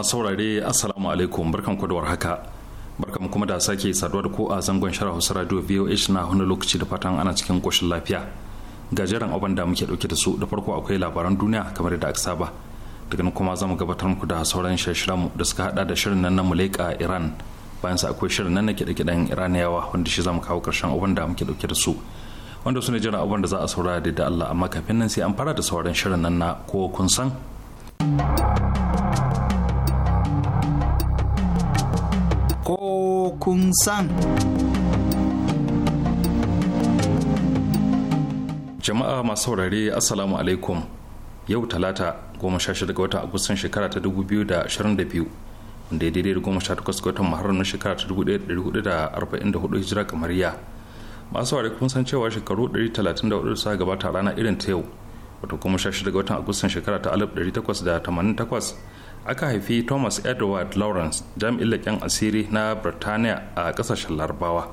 masu saurare assalamu alaikum barkan ku da haka barkan kuma da sake saduwa da ku a zangon shara hausa radio voh na wani lokaci da fatan ana cikin koshin lafiya ga jiran abin da muke dauke da su da farko akwai labaran duniya kamar da aka saba daga nan kuma za gabatar muku da sauran shirye-shiryenmu da suka hada da shirin nan na mulaika iran bayan sa akwai shirin nan na kiɗe iraniyawa wanda shi za kawo karshen abin da muke dauke da su wanda su ne jiran abin da za a saurara da Allah amma kafin nan sai an fara da sauran shirin nan na ko kun san ko kun san. Jama'a masu saurare Assalamu alaikum yau talata goma sha shida ga watan agustan shekara ta dubu biyu da ashirin da biyu wanda ya daidai da goma sha takwas ga watan maharar na shekara ta dubu ɗaya da ɗari hudu da arba'in da hudu hijira kamar ya masu saurare kun san cewa shekaru ɗari talatin da hudu sa gabata rana irin ta yau wato goma sha shida ga watan agustan shekara ta alif ɗari takwas da tamanin takwas aka haifi thomas edward lawrence jami'in leƙen asiri na birtaniya a ƙasashen larabawa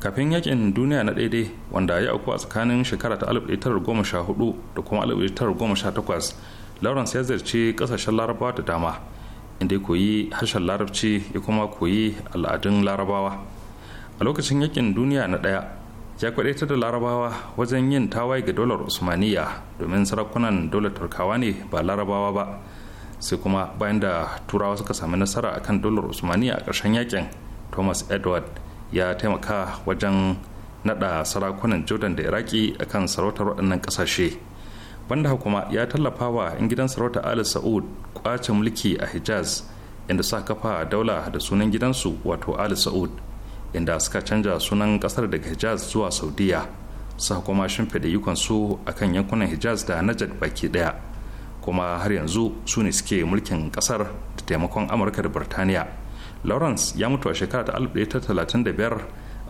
kafin yakin duniya na daidai wanda ya auku a tsakanin shekara ta 1914 da kuma 1918 lawrence ya ziyarci ƙasashen larabawa da dama inda ya koyi harshen larabci ya kuma koyi al'adun larabawa a lokacin yakin duniya na ɗaya ya kwadaita da larabawa wajen yin tawaye ga dolar usmaniya domin sarakunan dolar turkawa ne ba larabawa ba sai kuma bayan da turawa suka sami nasara akan dolar usmaniya a ƙarshen yakin thomas edward ya taimaka wajen nada sarakunan jordan da iraki akan sarautar waɗannan ƙasashe banda kuma ya tallafa wa in gidan sarauta ali sa'ud kwace mulki a hijaz inda suka kafa daula da sunan gidansu wato ali sa'ud inda suka canja sunan kasar daga hijaz zuwa saudiya sa kuma shimfida ikon su akan yankunan hijaz da najad baki ɗaya. kuma har yanzu su ne suke mulkin kasar da taimakon amurka da birtaniya lawrence ya mutu a shekara ta 1935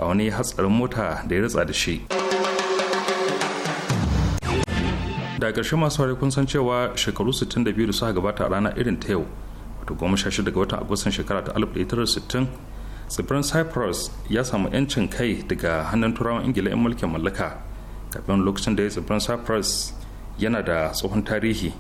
a wani hatsarin mota da ya ritsa da shi da ƙarshe masu hari kun san cewa shekaru 62 da suka gabata a rana irin ta yau wato 16 ga watan agustan shekara ta 1960 tsibirin cyprus ya samu 'yancin kai daga hannun turawan ingila 'yan mulkin mallaka kafin lokacin da ya tsibirin cyprus yana da tsohon tarihi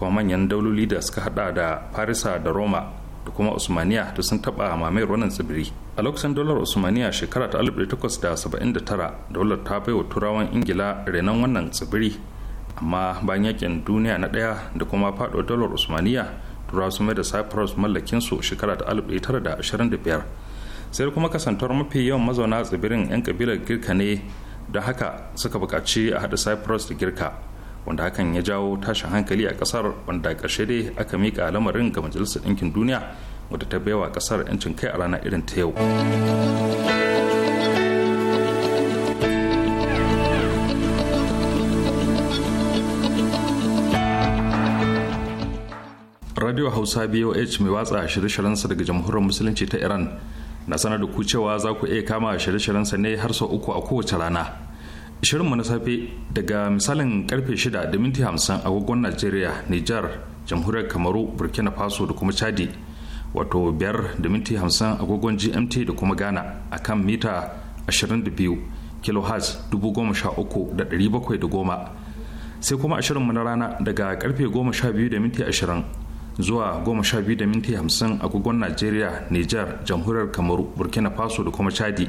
kuma manyan dauloli da suka hada da farisa da roma da kuma usmaniya da sun taba mamayar wannan tsibiri a lokacin dolar usmaniya shekara ta 1879 dolar ta baiwa turawan ingila renon wannan tsibiri amma bayan yakin duniya na ɗaya da kuma faɗo dolar usmaniya turawa su mai da cyprus mallakinsu shekara ta 1925 sai kuma kasantar mafi yawan mazauna tsibirin 'yan kabilar girka ne da haka suka buƙaci a haɗa cyprus da girka wanda hakan ya jawo tashin hankali a kasar wanda karshe dai aka mika lamarin ga majalisar ɗinkin duniya wadda ta baiwa kasar 'yancin kai a rana irin ta yau radio hausa boh mai watsa shirye-shiryensa daga jamhuriyar musulunci ta iran na sanar da ku cewa za ku iya kama shirye-shiryensa ne har sau uku a kowace rana mu na safe daga misalin karfe 6 da minti 50 agogon najeriya nijar jamhuriyar kamaru burkina faso da kuma chadi wato 5 da minti 50 agogon gmt da kuma ghana a kan mita 22 kHz 13710 sai kuma a mu na rana daga karfe 12 da minti 20 zuwa 12 da minti 50 agogon najeriya nijar jamhuriyar kamaru burkina faso da kuma chadi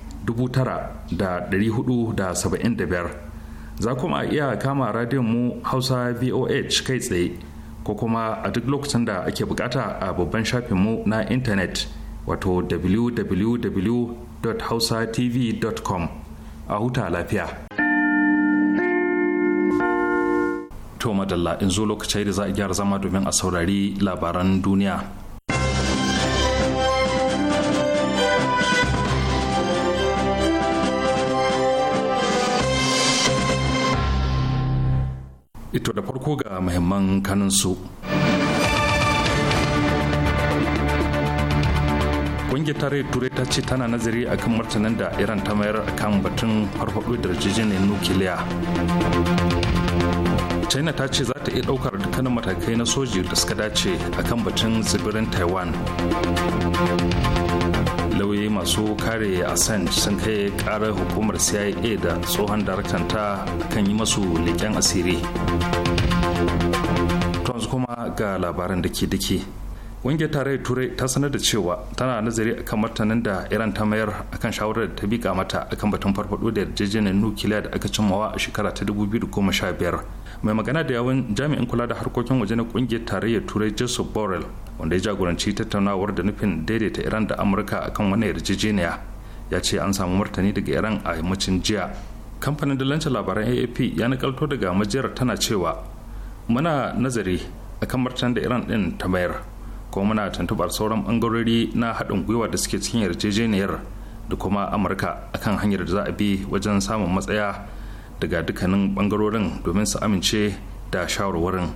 biyar. za kuma iya kama radiyon mu hausa voh kai tsaye ko kuma a duk lokacin da ake bukata a babban mu na intanet wato www.hausatv.com a huta lafiya to madalla in zo lokacin da za a gyara zama domin a saurari labaran duniya ito da farko ga muhimman kaninsu. Ƙungiyar tarayyar Turai ta ce tana nazari akan martanin da Iran ta mayar kan batun farfaɗo da yarjejeniyar nukiliya. China ta ce za ta iya ɗaukar dukkanin matakai na soji da suka dace akan batun tsibirin Taiwan. lauyoyi masu kare assange sun kai karar hukumar cia da tsohon daraktanta kan yi masu leƙen asiri yanzu kuma ga labaran da ke dake ƙungiyar tarayyar turai ta sanar da cewa tana nazari akan martanin da iran ta mayar akan shawarar da ta bika mata akan batun farfado da yarjejeniyar nukiliya da aka cimmawa a shekara ta biyar mai magana da yawon jami'in kula da harkokin waje na ƙungiyar tarayyar turai joseph borrell wanda ya jagoranci tattaunawar da nufin daidaita iran da amurka akan wani yarjejeniya ya ce an samu martani daga iran a yammacin jiya kamfanin dalancin labaran aap ya nakalto daga majiyar tana cewa muna nazari akan martanin da iran din ta mayar kuma muna tuntubar sauran bangarori na haɗin gwiwa da suke cikin yarjejeniyar da kuma amurka akan hanyar da za a bi wajen samun matsaya daga dukkanin bangarorin domin su amince da shawarwarin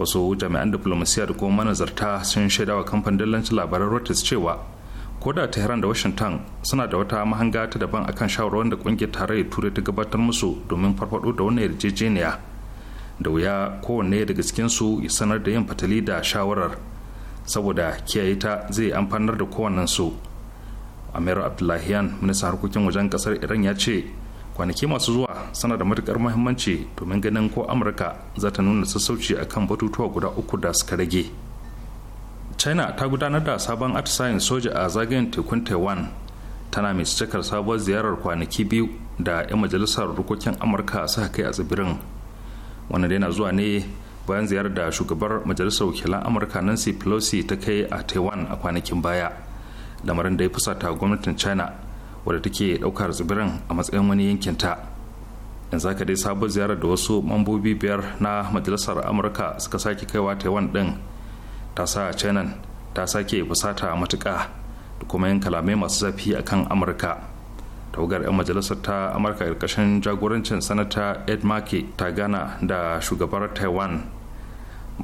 wasu jami'an diplomasiya da kuma manazarta sun shaidawa kamfanin dillancin labaran reuters cewa koda tehran da washington suna da wata mahanga ta daban akan shawarwar da kungiyar tarayyar turai ta gabatar musu domin farfado da wannan yarjejeniya da wuya kowanne daga cikin su ya sanar da yin fatali da shawarar saboda kiyaye ta zai amfanar da kowannensu amir abdullahiyan ministan harkokin wajen kasar iran ya ce kwanaki masu zuwa suna da matukar muhimmanci domin ganin ko amurka za ta nuna sassauci a kan batutuwa guda uku da suka rage china ta gudanar da sabon atisayen soja a zagayen tekun taiwan tana mai cikar sabuwar ziyarar kwanaki biyu da 'yan majalisar rukokin amurka suka kai a tsibirin wanda yana zuwa ne bayan ziyarar da shugabar majalisar wakilan amurka nancy pelosi ta kai a taiwan a kwanakin baya lamarin da ya fusata gwamnatin china wadda take ɗaukar tsibirin a matsayin wani yankin ta yanzu haka dai sabon ziyarar da wasu mambobi biyar na majalisar amurka suka sake kaiwa taiwan ɗin ta sa china ta sake fusata matuka da kuma yin kalamai masu zafi akan amurka tawagar 'yan majalisar ta amurka karkashin jagorancin sanata ed markey ta gana da shugabar taiwan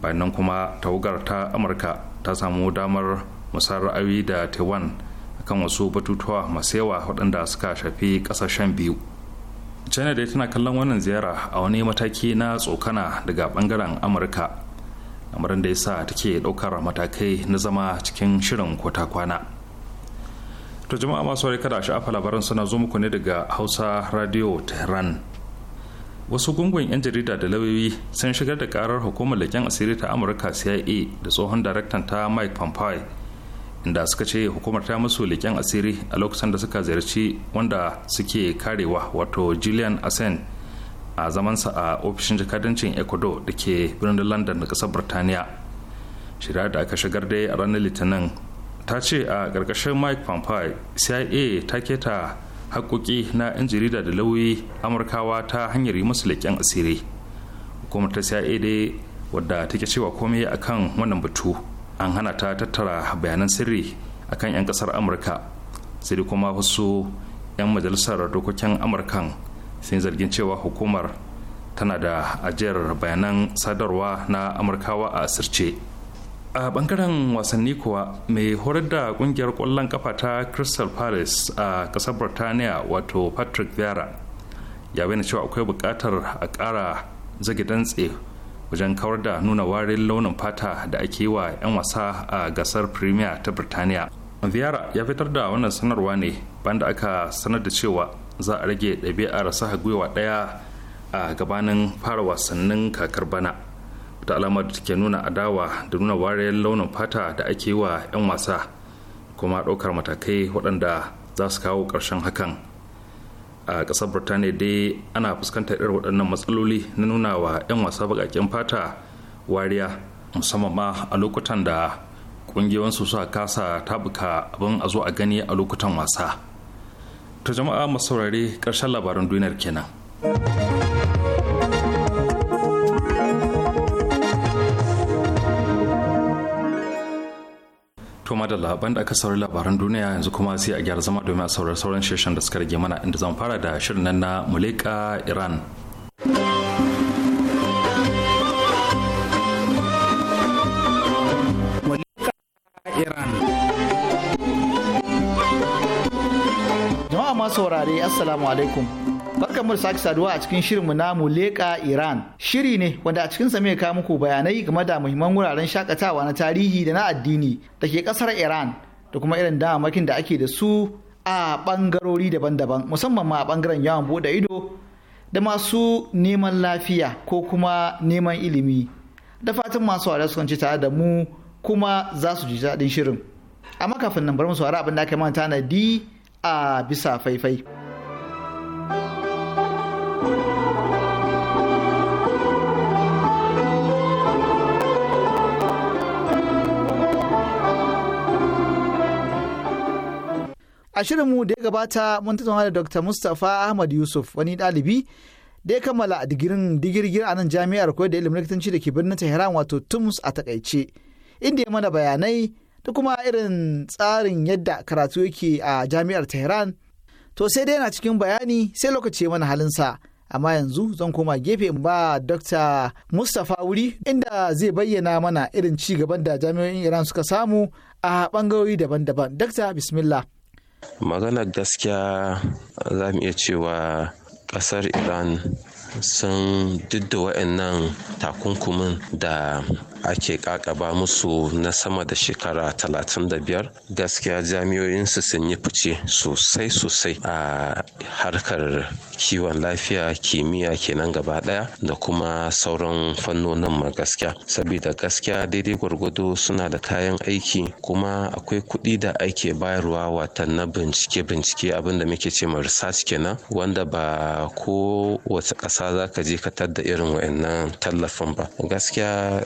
bayan nan kuma tawagar ta amurka ta samu damar musar ra'ayi da taiwan kan wasu batutuwa masu yawa waɗanda suka shafi ƙasashen biyu china dai tana kallon wannan ziyara a wani mataki na tsokana daga ɓangaren amurka lamarin da ya sa take ɗaukar matakai na zama cikin shirin kota kwana to jama'a masu wari kada sha'afa labaran suna zo muku ne daga hausa radio tehran wasu gungun 'yan jarida da lauyoyi sun shigar da karar hukumar leƙen asiri ta amurka cia da tsohon daraktan ta mike pompeo inda suka ce hukumar ta musu leƙen asiri a lokacin da suka ziyarci wanda suke karewa wato julian asen a zamansa a ofishin jakadancin ecuador da ke birnin london da ƙasar birtaniya shirya da aka shigar dai a ranar litinin ta ce a ƙarƙashin mike pompeo cia ta keta haƙoƙi na 'yan jarida da lauyi amurkawa ta hanyar yi musu leƙen asiri hukumar ta cia dai wadda take cewa komai akan wannan batu an hana ta tattara bayanan sirri a kan 'yan kasar amurka sai kuma wasu 'yan majalisar dokokin amurkan sun zargin cewa hukumar tana da ajiyar bayanan sadarwa na amurkawa a asirce a bangaren wasanni kuwa mai horar da kungiyar kwallon kafa ta crystal palace a kasar birtaniya wato patrick vera ya bayyana cewa akwai bukatar a kara zage dantse wajen kawar da nuna warin launin fata da ake wa 'yan wasa a gasar premier ta birtaniya viara ya fitar da wannan sanarwa ne banda aka sanar da cewa za a rage ɗabi'ar saha gwiwa ɗaya a gabanin fara wasannin kakar bana wata alamar da take nuna adawa da nuna wariyar launin fata da ake wa 'yan wasa kuma ɗaukar matakai waɗanda za su kawo ƙarshen hakan a ƙasar birtaniya dai ana fuskantar irin waɗannan matsaloli na nuna wa 'yan wasa baƙaƙen fata wariya musamman ma a lokutan da su suka kasa tabuka abin a zo a gani a lokutan wasa ta jama'a masaurare ƙarshen labaran duniyar kenan. ma da labaran da aka saurari labaran duniya yanzu kuma sai a gyara zama domin a saurari sauran shirin da suka rage mana inda zan fara da shirin nan na Muleka Iran. Jama'a masu saurare Assalamu alaikum. Barkan mu sake saduwa a cikin mu na Muleka Iran. Shiri ne wanda a cikin mai ka muku bayanai game da muhimman wuraren shakatawa na tarihi da na addini da ke kasar Iran da kuma irin damamakin da ake da su a bangarori daban-daban musamman ma a bangaren yawon bude ido da masu neman lafiya ko kuma neman ilimi. Da fatan masu wada su ci tare da mu kuma za su ji daɗin shirin. Amma kafin nan bar mu saurari abin da aka manta na di a bisa faifai. A shirin mu da ya gabata mun tattauna da Dr. Mustapha Ahmad Yusuf wani ɗalibi da ya kammala digirin digirgir a nan jami'ar koyar da ilimin likitanci da ke birnin Tehran wato Tums a takaice. Inda ya mana bayanai da kuma irin tsarin yadda karatu yake a jami'ar Tehran to sai dai yana cikin bayani sai lokaci mana halinsa amma yanzu zan koma gefe ba dr mustapha wuri inda zai bayyana mana irin ci gaban da jami'o'in iran suka samu a bangarori daban-daban dr bismillah maganar gaskiya za mu iya cewa kasar iran sun duk da takunkumin da ake kakaba musu na sama da shekara 35 gaskiya jami'o'insu sun yi fice sosai sosai a harkar kiwon lafiya kimiyya kenan gaba daya da kuma sauran fannonin ma gaskiya saboda gaskiya daidai gwargwado suna da kayan aiki kuma akwai kuɗi da ake bayarwa watan na bincike bincike abinda muke ce ma research kenan wanda ba ko wata ƙasa za ka je ka tadda irin wayannan tallafin ba gaskiya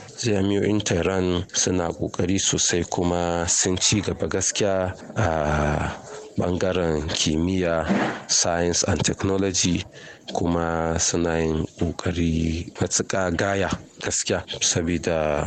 jami'o'in tehran suna kokari sosai kuma sun ci gaba gaskiya a bangaren kimiyya science and technology kuma suna yin ƙoƙari matuƙa gaya gaskiya sabida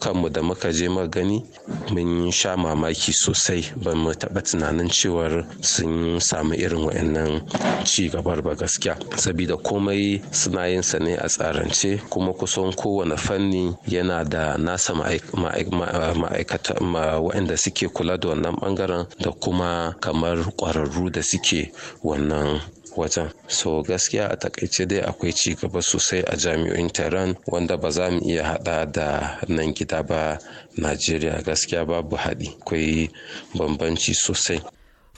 kanmu da muka je muka gani mun sha mamaki sosai ba mu taɓa tunanin cewar sun samu irin wa'annan ci gabar ba gaskiya sabida komai suna yin sa ne a tsarance kuma kusan kowane fanni yana da nasa ma'aikata waɗanda suke kula da wannan bangaren da kuma kamar ƙwararru da suke wannan wajen so gaskiya a takaice dai akwai ci gaba sosai a jami'o'in tehran wanda ba za mu iya hada da nan gida ba najeriya gaskiya babu haɗi akwai bambanci sosai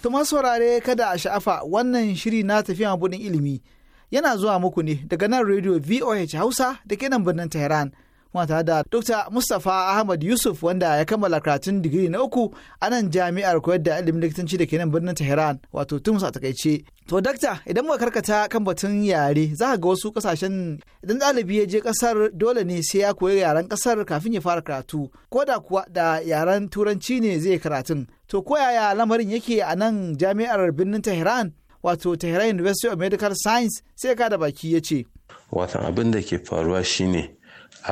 tuma saurare kada a sha'afa wannan shiri na tafiya budin ilimi yana zuwa muku ne daga nan radio voh hausa da ke birnin tehran kuma tare da Dr. Mustapha Ahmad Yusuf wanda ya kammala karatun digiri na uku a nan jami'ar koyar da ilimin likitanci da ke nan birnin Tehran wato Tumus a takaice. To dakta idan muka karkata kan batun yare za ka ga wasu kasashen idan ɗalibi ya je kasar dole ne sai ya koyi yaren kasar kafin ya fara karatu ko da kuwa da yaren turanci ne zai karatun. To ko yaya lamarin yake a nan jami'ar birnin Tehran wato Tehran University of Medical Science sai ka da baki ya ce. Watan abin da ke faruwa shine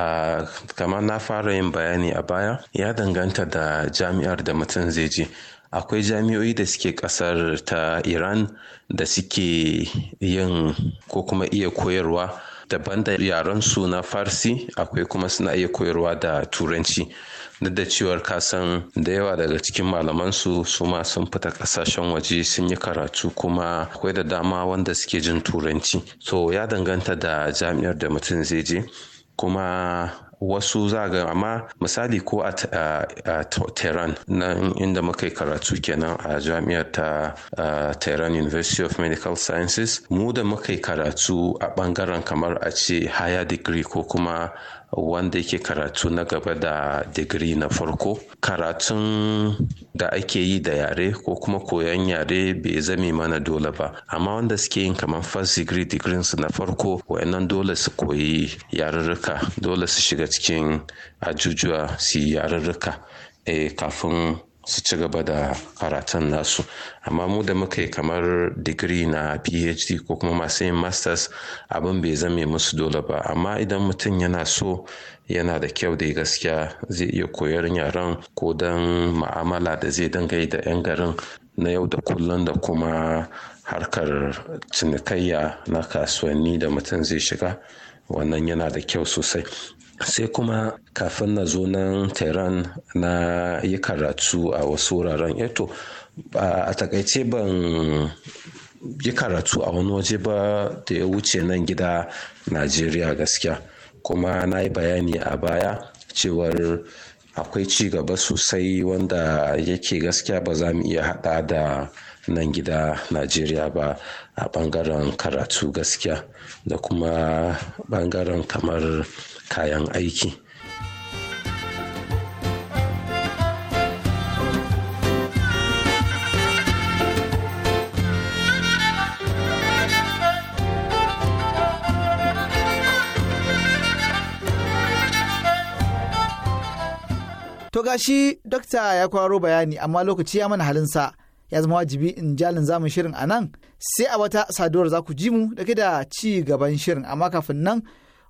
a kamar na fara yin bayani a baya ya danganta da jami'ar da mutum zai je akwai jami'o'i da suke kasar ta iran da suke yin ko kuma iya koyarwa daban da yarensu na farsi akwai kuma suna iya koyarwa da turanci duk da cewar kasan da yawa daga cikin malamansu su ma sun fita kasashen waje sun yi karatu kuma akwai da dama wanda suke jin turanci so ya danganta da jami'ar da mutum zai je kuma wasu za ga amma misali ko a, tehran na inda muka yi karatu kenan a jami'ar ta tehran university of medical sciences mu da muka yi karatu a bangaren kamar a ce higher degree ko kuma wanda yake karatu na gaba da digiri na farko karatun da ake yi da yare ko kuma koyon yare bai zame mana dole ba amma wanda suke yin kamar first degree digiri su na farko wayannan dole su koyi yarurruka dole su shiga cikin ajujuwa su yi yarurruka eh, kafin su ci gaba da karatun nasu amma mu da muka yi kamar digiri na phd ko kuma masu yin masters abin bai zame musu dole ba amma idan mutum yana so yana da kyau da gaskiya zai iya koyar yaren ko don ma'amala da zai dinga da 'yan garin na yau da kullum da kuma harkar cinikayya na kasuwanni da mutum zai shiga wannan yana da kyau sosai sai kuma kafin na zo nan tehran na yi karatu a wasu wuraren eto eh a takaice ban yi karatu a wani waje ba da ya wuce nan gida najeriya gaskiya kuma na yi bayani a baya cewar akwai ci gaba sosai wanda yake gaskiya ba za mu iya hada da nan gida najeriya ba a bangaren karatu gaskiya da kuma bangaren kamar kayan aiki. To gashi dokta ya kwaro bayani amma lokaci ya mana halinsa ya zama wajibi in jalin zamun shirin a nan sai a wata saduwar za ku ji mu da da ci gaban shirin amma kafin nan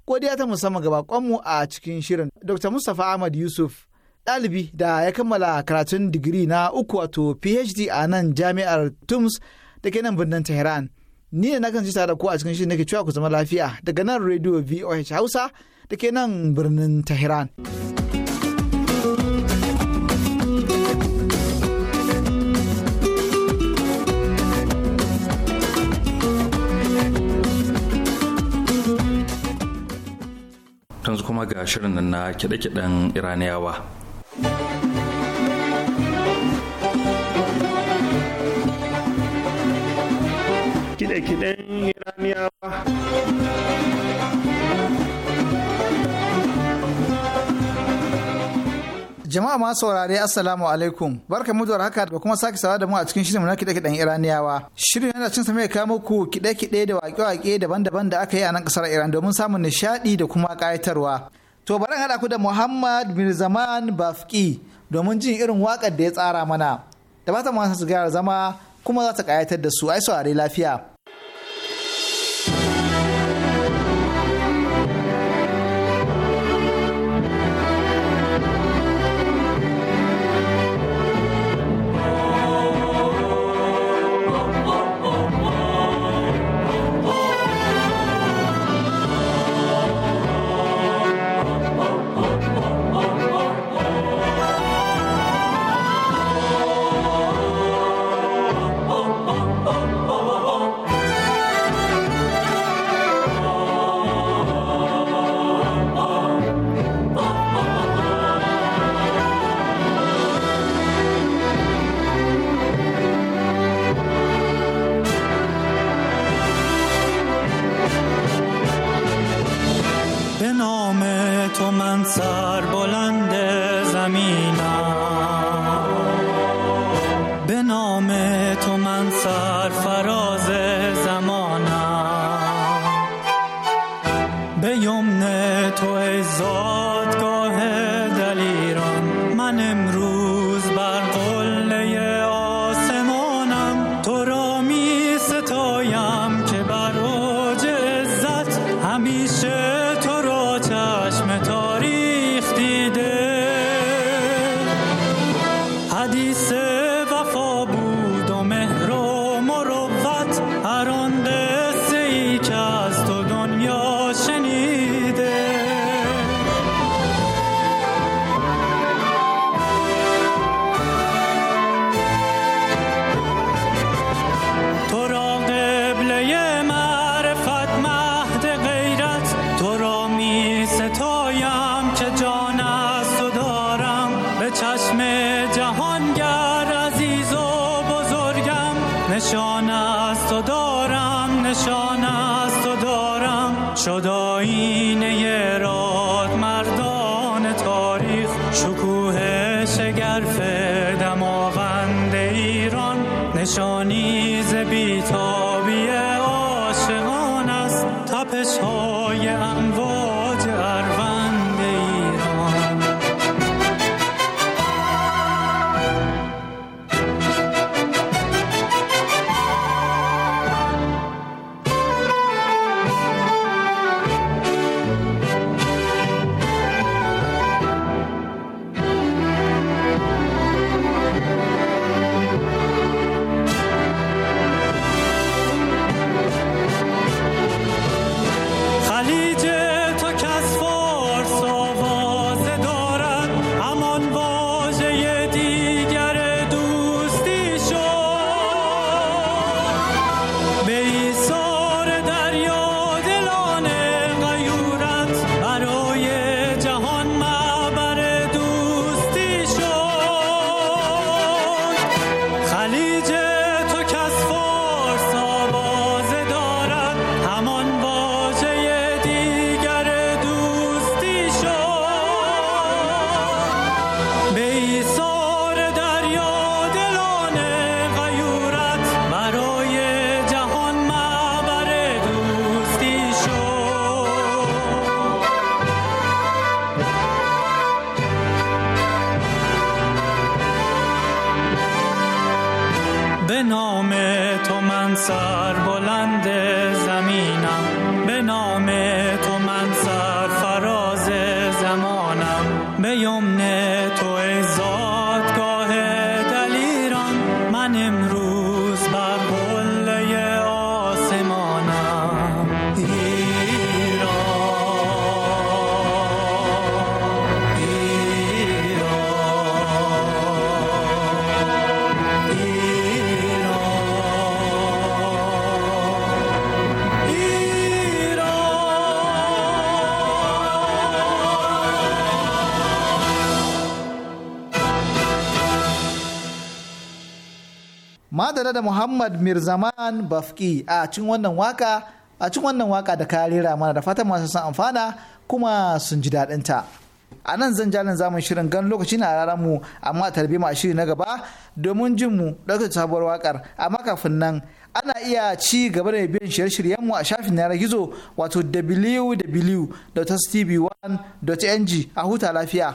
godiya ta musamman ga bakonmu a cikin shirin dr mustapha ahmad yusuf ɗalibi da ya kammala karatun digiri na uku wato phd a nan jami'ar tums da ke nan birnin tehran ni ne na kan tare da ku a cikin shirin nake cewa ku zama lafiya daga nan radio voh hausa da ke nan birnin tehran. ga shirin nan na kiɗe-kiɗen iraniyawa kiɗe-kiɗen iraniyawa jama'a ma saurare assalamu alaikum barka mu da haka da kuma sake sawa da mu a cikin shirin na kiɗe-kiɗen iraniyawa shirin yana cin ya kawo muku kiɗe-kiɗe da waƙe-waƙe daban-daban da aka yi a nan ƙasar iran domin samun nishaɗi da kuma kayatarwa. To bari haɗa ku da Muhammad bin Zaman Bafki domin jin irin waƙar da ya tsara mana. Da ba ta masu su gyara zama kuma za ta ƙayatar da su ai saurari lafiya. is all نشان است تو دارم نشان است تو دارم شد آینه راد مردان تاریخ شکوه شگرف دماوند ایران نشان convoy. tare da Muhammad Mirzaman Bafki a cikin wannan waka a cikin wannan waka da ka rera mana da fatan masu san amfana kuma sun ji daɗin ta. A nan zan jalin zamun shirin gan lokaci na rarar mu amma tarbi a shiri na gaba domin jin mu ɗauke sabuwar wakar amma kafin nan ana iya ci gaba da biyan shirye-shiryen mu a shafin na gizo wato www.tv1.ng a huta lafiya.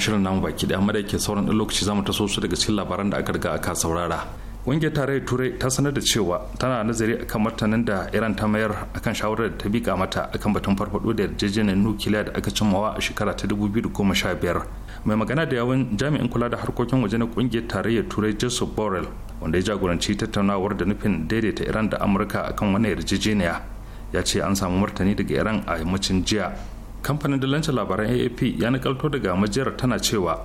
shirin namu baki da amma da ke sauran dan lokaci zamu taso su daga cikin labaran da aka riga aka saurara ƙungiyar tarayyar turai ta sanar da cewa tana nazari kan martanin da iran ta mayar akan shawarar da ta bika mata akan batun farfado da yarjejeniyar nukiliya da aka cimmawa a shekara ta 2015 mai magana da yawon jami'in kula da harkokin waje na ƙungiyar tarayyar turai joseph borrell wanda ya jagoranci tattaunawar da nufin daidaita iran da amurka akan wani yarjejeniya ya ce an samu martani daga iran a yammacin jiya kamfanin dalancin labaran aap ya nakalto daga majiyar tana cewa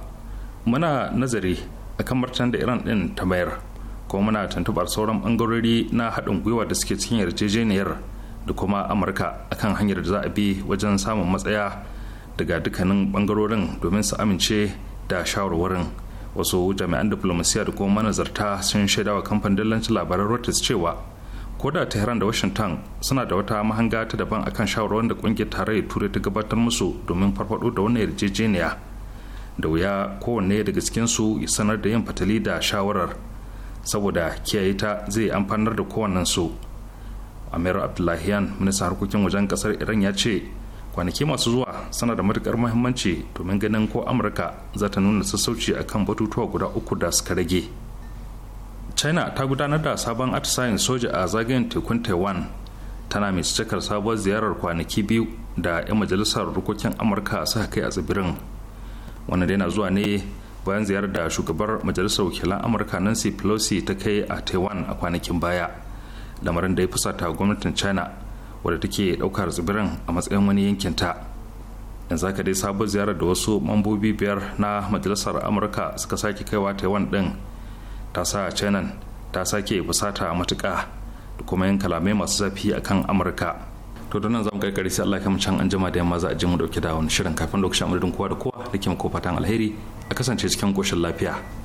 muna nazari a martan da iran din ta mayar kuma muna tuntubar sauran bangarori na haɗin gwiwa da suke cikin yarjejeniyar da kuma amurka akan hanyar da za a bi wajen samun matsaya daga dukkanin bangarorin domin su amince da shawarwarin wasu jami'an diplomasiya da kuma manazarta sun shaidawa kamfanin dalancin labaran reuters cewa koda tehran da washington suna da wata mahanga ta daban akan shawarwarin da kungiyar tarayyar turai ta gabatar musu domin farfado da wannan yarjejeniya da wuya kowanne daga cikin su ya sanar da yin fatali da shawarar saboda kiyaye ta zai amfanar da su amir abdullahian ministan harkokin wajen kasar iran ya ce kwanaki masu zuwa suna da matukar muhimmanci domin ganin ko amurka za ta nuna sassauci akan batutuwa guda uku da suka rage china ta gudanar da sabon atisayen soja a zagayen tekun taiwan tana mai cikar sabuwar ziyarar kwanaki biyu da 'yan majalisar rukokin amurka suka kai a tsibirin wannan yana zuwa ne bayan ziyarar da shugabar majalisar wakilan amurka nancy pelosi ta kai a taiwan a kwanakin baya lamarin da ya fusata gwamnatin china wadda take daukar tsibirin a matsayin wani yankin ta yanzu haka dai sabon ziyarar da wasu mambobi biyar na majalisar amurka suka sake kaiwa taiwan din ta sa canan ta sake fusata matuka da kuma yin kalamai masu zafi a kan amurka to don nan za mu sai Allah kama can an jima da yamma za a je mu dauki da wani shirin kafin lokacin amurin kowa da kowa da ke fatan alheri a kasance cikin koshin lafiya